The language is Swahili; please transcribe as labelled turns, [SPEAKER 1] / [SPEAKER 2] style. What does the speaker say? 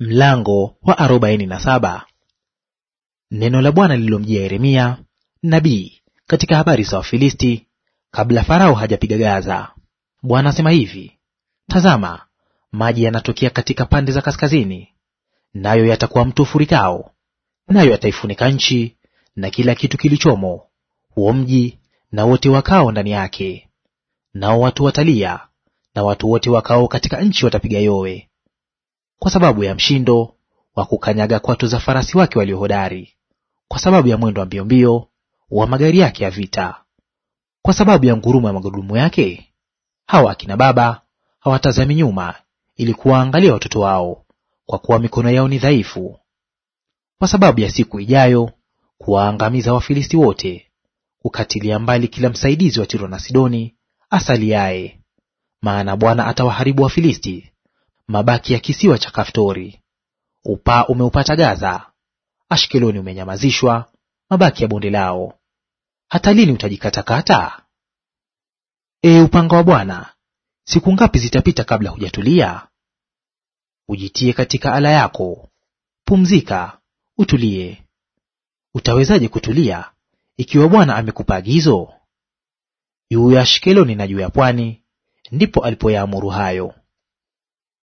[SPEAKER 1] Mlango wa arobaini na saba. Neno la Bwana lililomjia Yeremia nabii katika habari za Wafilisti kabla Farao hajapiga Gaza. Bwana asema hivi: Tazama, maji yanatokea katika pande za kaskazini, nayo yatakuwa mto furikao nayo yataifunika nchi na kila kitu kilichomo, huo mji na wote wakao ndani yake. Nao watu watalia, na watu wote wakao katika nchi watapiga yowe kwa sababu ya mshindo wa kukanyaga kwato za farasi wake waliohodari, kwa sababu ya mwendo wa mbio mbio wa magari yake ya vita, kwa sababu ya ngurumo ya magurudumu yake. Hawa akina baba hawatazami nyuma ili kuwaangalia watoto wao, kwa kuwa mikono yao ni dhaifu, kwa sababu ya siku ijayo kuwaangamiza Wafilisti wote, kukatilia mbali kila msaidizi wa Tiro na Sidoni asaliaye. Maana Bwana atawaharibu Wafilisti mabaki ya kisiwa cha Kaftori. Upaa umeupata Gaza, Ashkeloni umenyamazishwa, mabaki ya bonde lao. Hata lini utajikatakata? E upanga wa Bwana, siku ngapi zitapita kabla hujatulia? Ujitie katika ala yako, pumzika, utulie. Utawezaje kutulia ikiwa Bwana amekupa agizo? Juu ya Ashkeloni na juu ya pwani ndipo alipoyaamuru hayo.